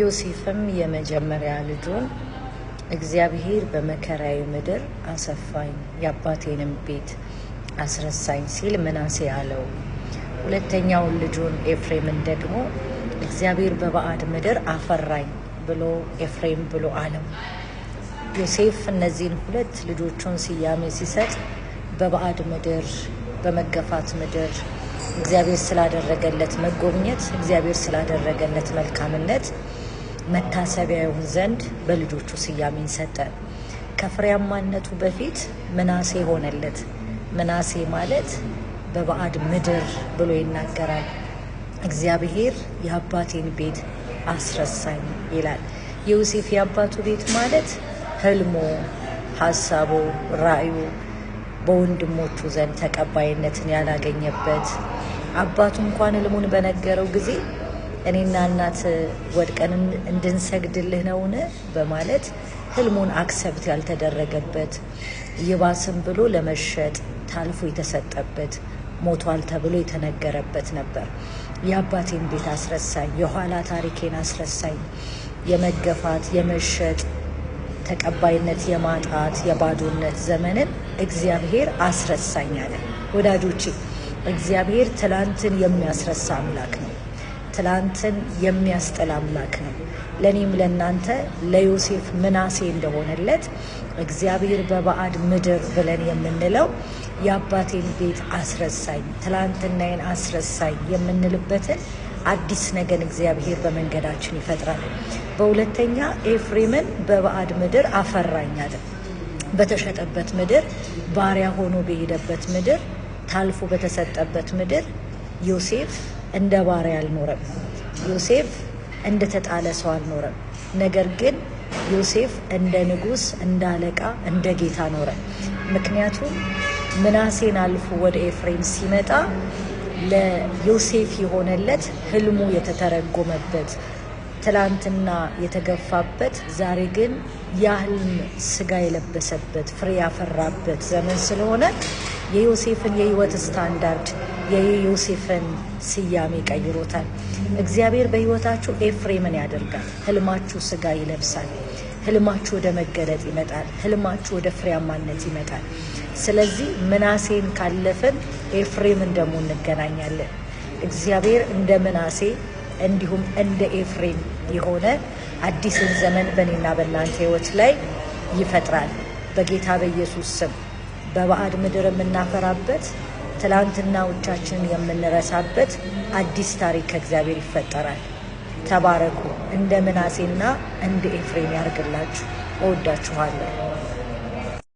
ዮሴፍም የመጀመሪያ ልጁን እግዚአብሔር በመከራዬ ምድር አሰፋኝ፣ የአባቴንም ቤት አስረሳኝ ሲል ምናሴ አለው። ሁለተኛውን ልጁን ኤፍሬምን ደግሞ እግዚአብሔር በባዕድ ምድር አፈራኝ ብሎ ኤፍሬም ብሎ አለው። ዮሴፍ እነዚህን ሁለት ልጆቹን ስያሜ ሲሰጥ በባዕድ ምድር፣ በመገፋት ምድር እግዚአብሔር ስላደረገለት መጎብኘት፣ እግዚአብሔር ስላደረገለት መልካምነት መታሰቢያ ይሁን ዘንድ በልጆቹ ስያሜን ሰጠ። ከፍሬያማነቱ በፊት ምናሴ ሆነለት። ምናሴ ማለት በባዕድ ምድር ብሎ ይናገራል። እግዚአብሔር የአባቴን ቤት አስረሳኝ ይላል። የዮሴፍ የአባቱ ቤት ማለት ህልሞ፣ ሀሳቡ፣ ራእዩ በወንድሞቹ ዘንድ ተቀባይነትን ያላገኘበት አባቱ እንኳን ህልሙን በነገረው ጊዜ እኔና እናት ወድቀን እንድንሰግድልህ ነውን? በማለት ህልሙን አክሰብት ያልተደረገበት ይባስም ብሎ ለመሸጥ ታልፎ የተሰጠበት ሞቷል ተብሎ የተነገረበት ነበር። የአባቴን ቤት አስረሳኝ፣ የኋላ ታሪኬን አስረሳኝ። የመገፋት የመሸጥ ተቀባይነት የማጣት የባዶነት ዘመንን እግዚአብሔር አስረሳኝ አለ። ወዳጆቼ እግዚአብሔር ትላንትን የሚያስረሳ አምላክ ነው። ትላንትን የሚያስጥል አምላክ ነው። ለእኔም ለእናንተ ለዮሴፍ ምናሴ እንደሆነለት እግዚአብሔር በባዕድ ምድር ብለን የምንለው የአባቴን ቤት አስረሳኝ፣ ትላንትናዬን አስረሳኝ የምንልበትን አዲስ ነገን እግዚአብሔር በመንገዳችን ይፈጥራል። በሁለተኛ ኤፍሬምን በባዕድ ምድር አፈራኛል። በተሸጠበት ምድር ባሪያ ሆኖ በሄደበት ምድር ታልፎ በተሰጠበት ምድር ዮሴፍ እንደ ባሪያ አልኖረም። ዮሴፍ እንደተጣለ ሰው አልኖረም። ነገር ግን ዮሴፍ እንደ ንጉስ እንደ አለቃ፣ እንደ ጌታ ኖረ። ምክንያቱም ምናሴን አልፎ ወደ ኤፍሬም ሲመጣ ለዮሴፍ የሆነለት ህልሙ የተተረጎመበት ትላንትና የተገፋበት ዛሬ ግን ያህልም ስጋ የለበሰበት ፍሬ ያፈራበት ዘመን ስለሆነ የዮሴፍን የህይወት ስታንዳርድ የዮሴፍን ስያሜ ቀይሮታል። እግዚአብሔር በህይወታችሁ ኤፍሬምን ያደርጋል። ህልማችሁ ስጋ ይለብሳል። ህልማችሁ ወደ መገለጥ ይመጣል። ህልማችሁ ወደ ፍሬያማነት ይመጣል። ስለዚህ ምናሴን ካለፍን ኤፍሬምን ደግሞ እንገናኛለን። እግዚአብሔር እንደ ምናሴ እንዲሁም እንደ ኤፍሬም የሆነ አዲስን ዘመን በእኔና በእናንተ ህይወት ላይ ይፈጥራል። በጌታ በኢየሱስ ስም በባዕድ ምድር የምናፈራበት ትላንትናዎቻችንን የምንረሳበት አዲስ ታሪክ ከእግዚአብሔር ይፈጠራል። ተባረኩ። እንደ ምናሴና እንደ ኤፍሬም ያርግላችሁ። እወዳችኋለሁ።